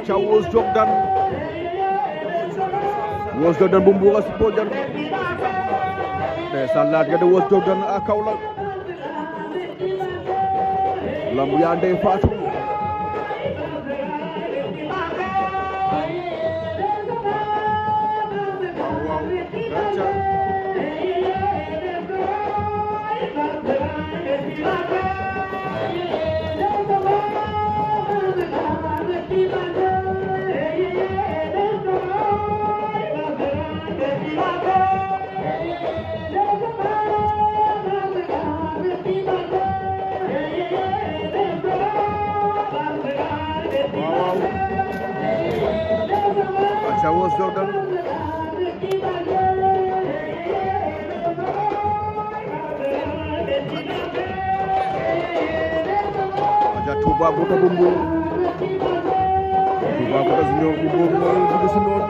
aca Wos Jordan Wos Jordan bu Mbour a sipo jan ndeysaan laat ga de Wos Jordan a Kaolack lamb yaa ndey faatu waaw waaw Bathia Wos Jordan Bathia Toubacouta bu Mbour Toubacouta si ñëw bu Mbour mooy dugg si noonu